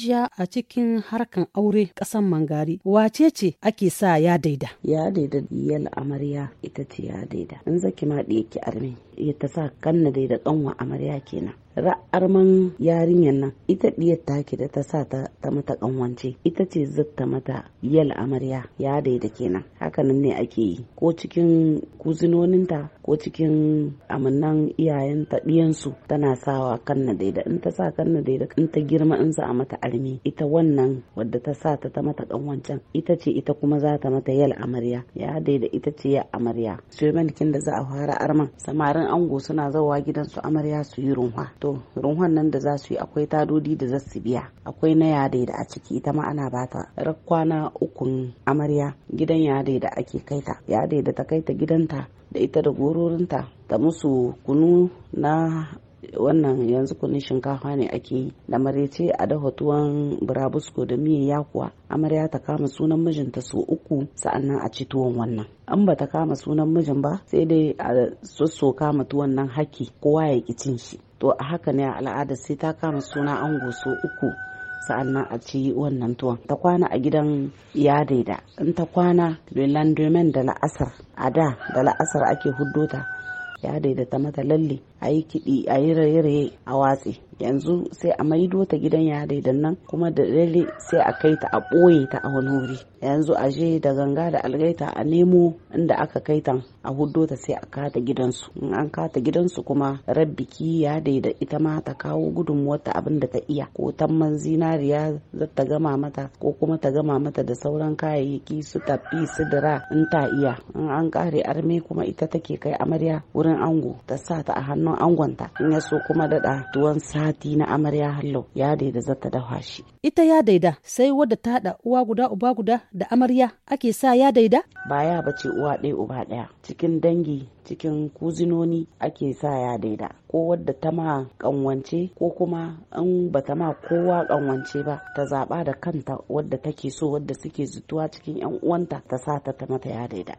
Hajiya a cikin harkan aure ƙasan Mangari wace ce ake sa ya daida? Ya daida diyal amarya ita ce ya daida. In zaki ma ɗaya ki arme, ya ta sa kanna daida ƙanwa amarya kenan. ra'arman yarinyar nan ita ta take da ta sa ta mata ƙanwance, ita ce zatta mata yal amarya ya daida kenan hakanan ne ake yi ko cikin kuzinoninta ko cikin amannan iyayenta ɗiyansu tana sawa kan na daida in ta sa kan na daida in ta girma in za a mata armi ita wannan wadda ta sa ta ta mata kanwancen ita ce ita kuma za ta mata yal amarya ya daida ita ce ya amarya sai da za a fara arman samarin ango suna zawa gidansu amarya su yi runwa to to runhon nan da za su yi akwai tadodi da za su biya akwai na yada da a ciki ita ma ana ta. kwana ukun amarya gidan yada da ake kaita yada da ta kai ta gidanta da ita da gororinta ta musu kunu na wannan yanzu kunin shinkafa ne ake yi da marece a da tuwon burabusko da miye yakuwa amarya ta kama sunan mijinta su uku sa'annan a ci tuwon wannan an ba ta kama sunan mijin ba sai dai a sossoka kama tuwon nan haki kowa ya ƙi cin shi to a haka ne a al'ada sai ta kama suna ango so uku sa'annan a ci wannan tuwon ta kwana a gidan ya daida in ta kwana landomen da la'asar a da da la'asar ake huddo ta ya daida ta mata lalle a yi kiɗi a yi raye-raye a watsi yanzu sai a maido ta gidan yare da nan kuma da dare sai a kai ta a ɓoye ta a wani wuri yanzu a je da ganga da algaita a nemo inda aka kai ta a huddo ta sai a kata gidansu in an kata gidansu kuma rabbiki ya da ita ma ta kawo gudunmuwar ta abin da ta iya ko tamman zinariya za ta gama mata ko kuma ta gama mata da sauran kayayyaki su tafi su dira in ta iya in an kare arme kuma ita take kai amarya wurin ango ta sa ta a hannu. hannun angonta in ya so kuma daɗa tuwon sati na amarya hallau ya daida zata dafa shi. Ita ya daida sai wadda ta haɗa uwa guda uba guda da amarya ake sa ya daida? Ba ya bace uwa ɗaya uba ɗaya cikin dangi cikin kuzinoni ake sa ya daida ko wadda ta ma kanwance ko kuma in ba ta ma kowa kanwance ba ta zaba da kanta wadda take so wadda suke zutuwa cikin yan uwanta ta sa ta ta mata ya daida.